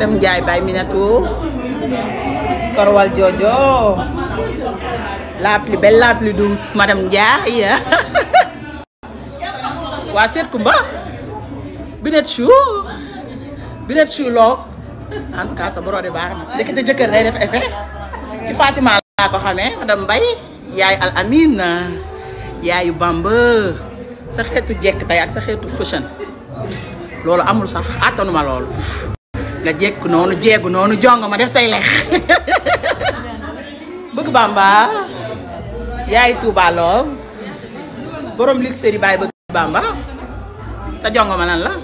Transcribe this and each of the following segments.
Madam Ndiaye bay minatu Korwal Jojo la plus belle la plus douce madame Ndiaye waa seet Kumba binet Chou binet Chou love en tout cas sa borode baax na ndekete jëkkër day def effet ci Fatima la ko xamee madame bay yaay Al amin yaayu Bamba sa xetu jek tay ak sa xetu fashion lolu amul sax atanuma lolu la jek nonu jegu nonu jongo ma def say lex bëgg bamba yaay Touba Love borom seri bay bëgg bamba sa jongo ma lan la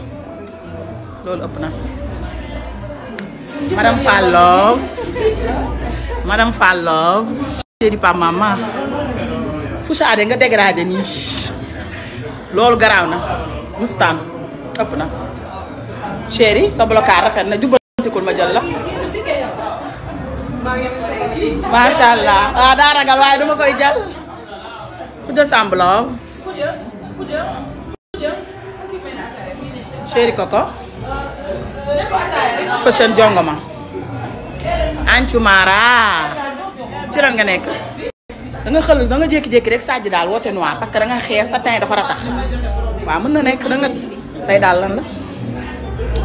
loolu ëpp na madame Fall Love madame Fall Love seri pa mama fu saade nga dégradé ni lol garaaw na mustan ëpp na chéri sa blocage rafet na jubbantikul ma jël la macha allah ada ah, daa ragal waaye duma koy jël ku de semblove chéri koko fashion jongoma anchu mara ci lan nga nekk da nga xel da nga jek jek rek sajj dal wote noir parce que da nga xé sa teint dafa ratax wa mën na da nga say dal lan la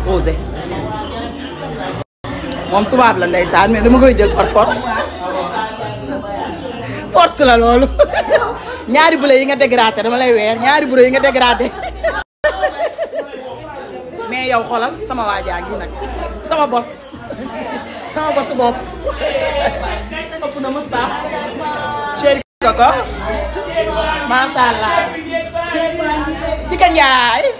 posé mom tubab la ndeysaan mais dama koy jël par force force la lolou ñaari bële yi nga dégrater dama lay weer ñaari bële yi nga dégrater mais yow xolal sama waajaa gi nak sama bos sama bos bop ëpp na ma sax koko macha allah ci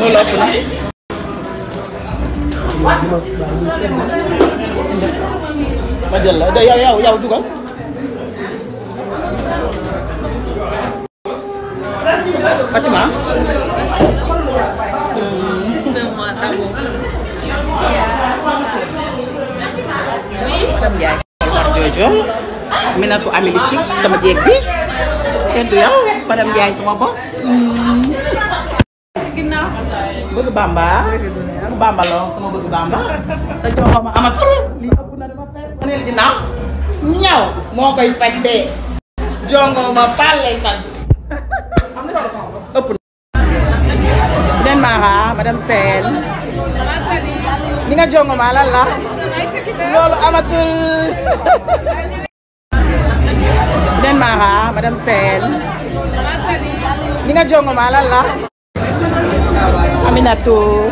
Majalah, ada ya, ya, ya itu yow dugal Fatima système ya, Ya. Jojo Minatou Amélie Chic sama Jackie, bi ya, du yow sama bëgg bamba bëgg bamba la sama bëgg bamba sa joxo ma amatul li ëpp na moo koy faj dee jongo ma paal lay faj ëpp na den nga jongo ma lan loolu amatul den Mara madame Sène li nga jongo ma lan Aminatou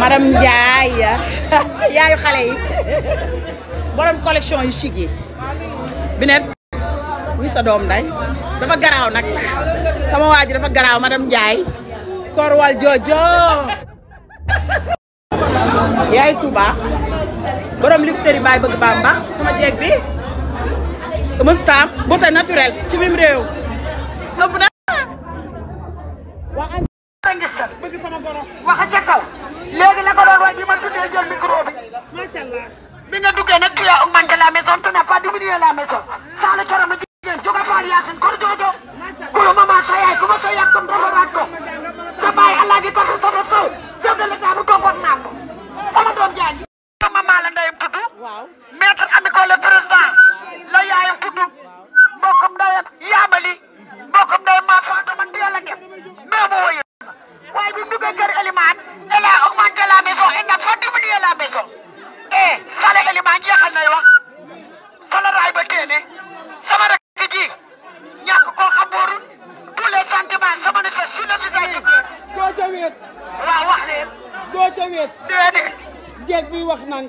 madame Ndiaye yaayu xale yi borom collection yu chic yi binet wuy sa doom day dafa garaaw nag sama waa ji dafa garaaw madame Ndiaye korwal jojo yaay Touba borom luxury baay bëgg Bamba sama jeeg bi mëstam beauté naturelle ci mim réew ëpp na bëgg sama léegi la ko doon ma tuddee jël micro bi macha allah bi nga duggee nag tu as augmenté la maison tu n'as pas diminué la maison wax nang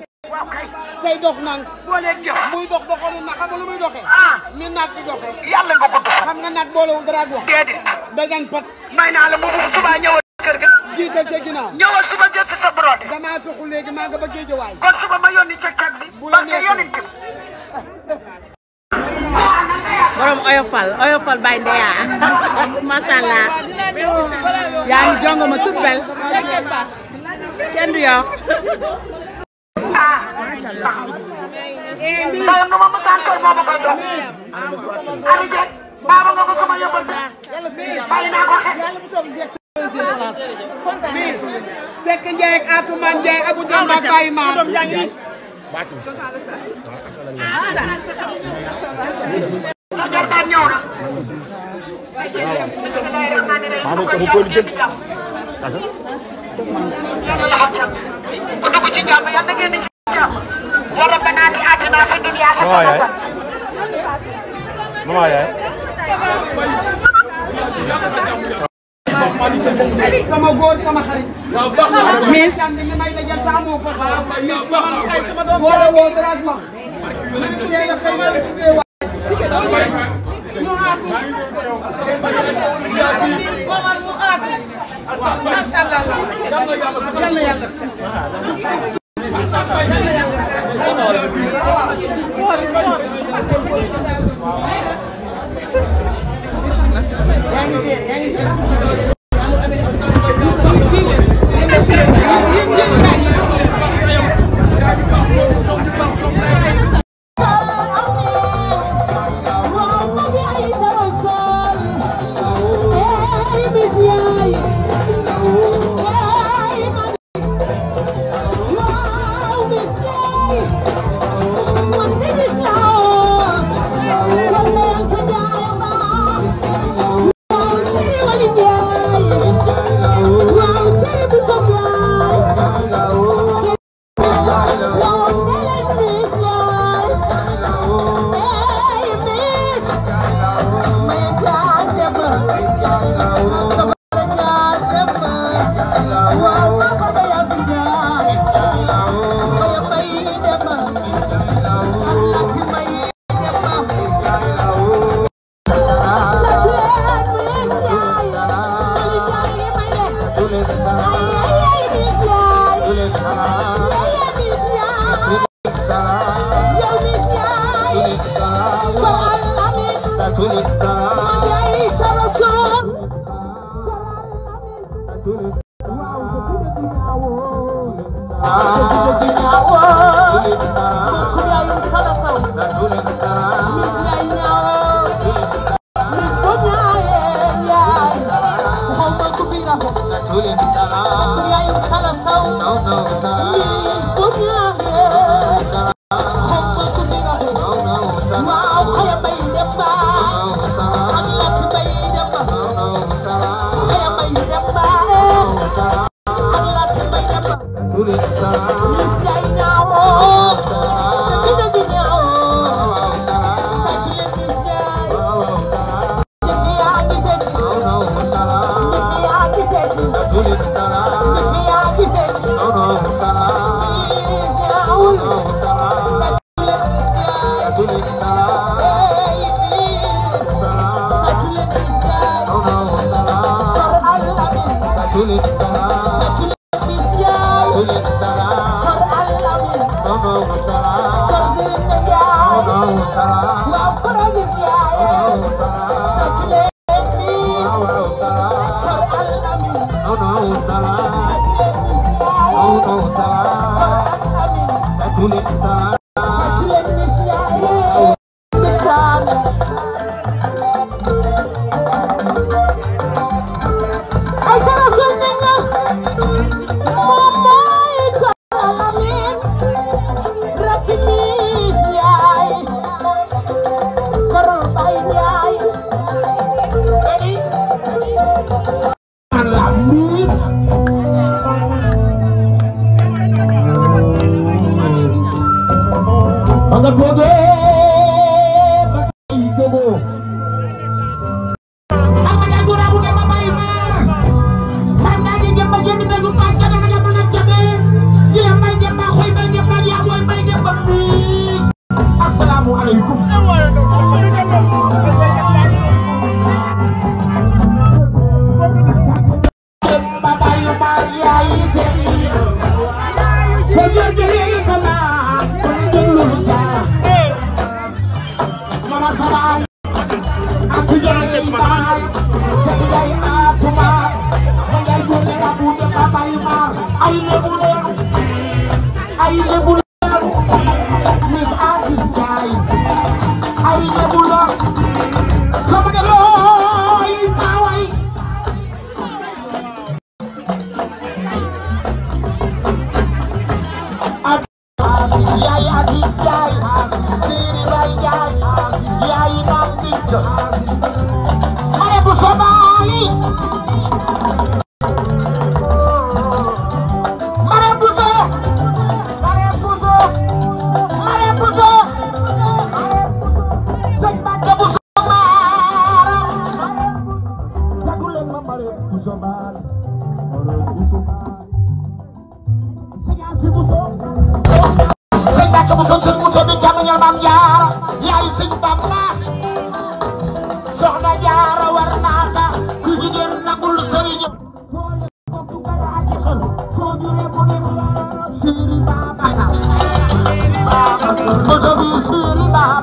tey dox nang boo leen muy dox doxoonu na xam nga lu muy doxee ah. ni naat di doxee yàlla nga ko doxal xam nga naat boolewul dara ak wax déedéet dañ pat may la bu suba ñëwal kër ga jiital ca ginnaaw ñëwal suba jël ci sa nga suba ma yónni ca cag bi bu la borom oyofal oyofal bay ndeya allah jongoma tout bel kenn du baax na. moom nu ma mosaan sol moo ma koy jox. Aliou Dieng nga ko sama yóbbal ko xel. Seck Ndiaye ak Atoumane Ndiaye Abou Demba ak Baye Mar. Jarbaat maman yaay maman yaay. sama góor sama xarit. miss. miss. Kuya yung sana sa una. Gülücük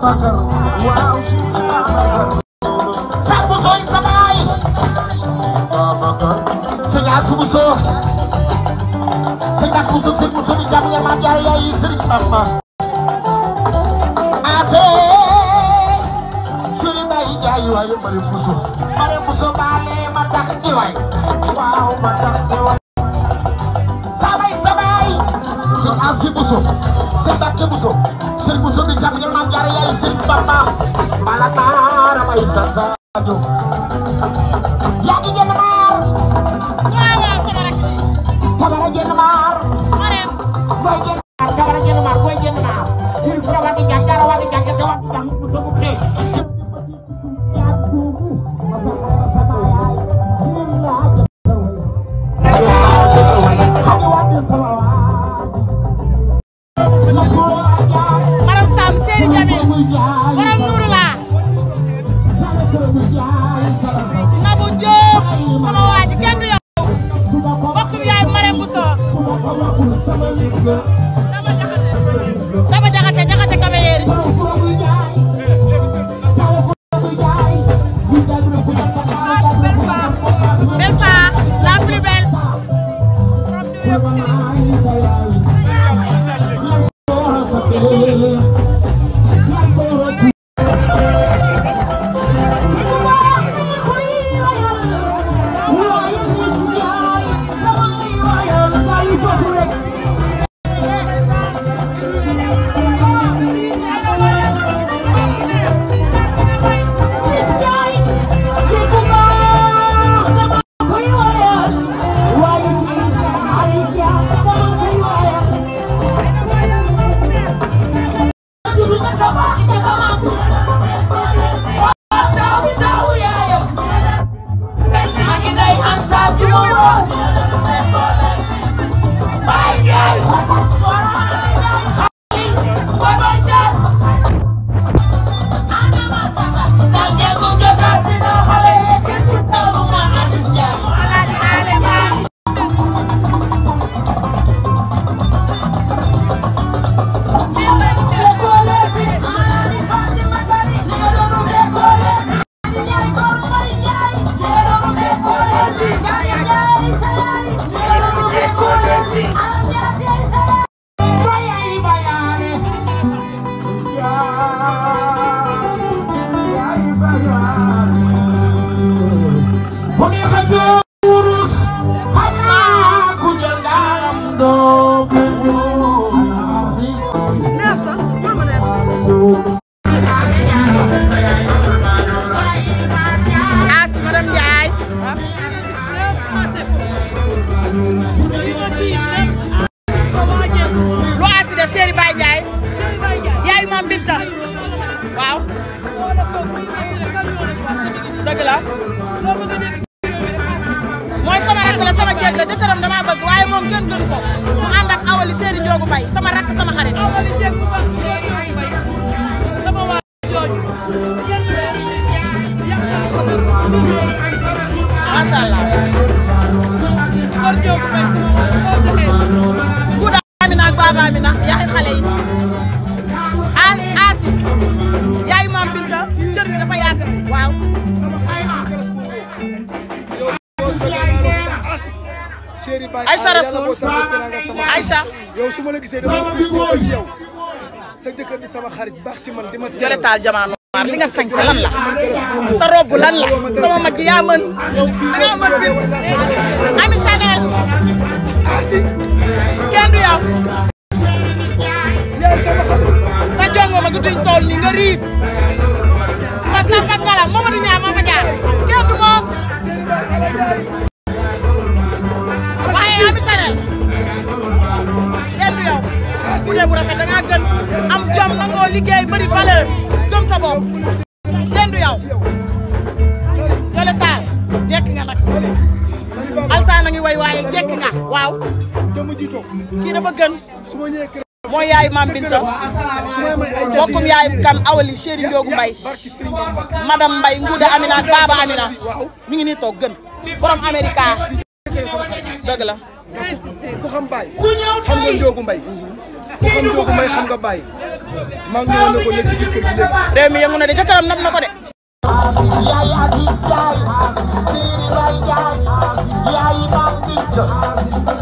Sëñ Bakk Bousso sëñ Bousso di jàmm yar maam jaara yaay sëriñ Bamba buso bi jàppale maam jaara yaay si papa bala taara may sa saaju yaa ngi jël maa Chéri Baye Ndiaye yaay Mame Binta waaw dëgg la mooy sama rakk la sama jeeg la jëkkëram dama bëgg waaye moom kenn gën ko mu ànd ak awali Chéri Ndiogu Mbaye sama rakk sama xarit macha allah baba mi ndax yaay xale yi as asi yaay moom Binta cër bi dafa yàgg waaw. Aïcha Rasoul Aïcha. yow su ma la gisee dama gis ko ci yow sa jëkkër di sama xarit baax ci man di ma. Jole Tall Jamaano Mar li nga sañ sa lan la sa robe lan la sama mag yaa mën da ngaa mën bis. waaw te mu jiitoo kii dafa gën su ma ñëwee mooy yaay maam Binta bokkum yaay kan awali chéri Ndiogu Mbay madame Mbay Nguuda Amina ak Amina mi ngi nii toog gën borom Amerika dëgg la ku xam Baye xam nga Ndiogu Mbay ku xam Ndiogu Mbay xam nga Baye maa ngi ñëwoon ko léegi si biir kër réew mi yëngu na de jëkkëram na ko de Yeah, I'm